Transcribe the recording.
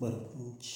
भरपूर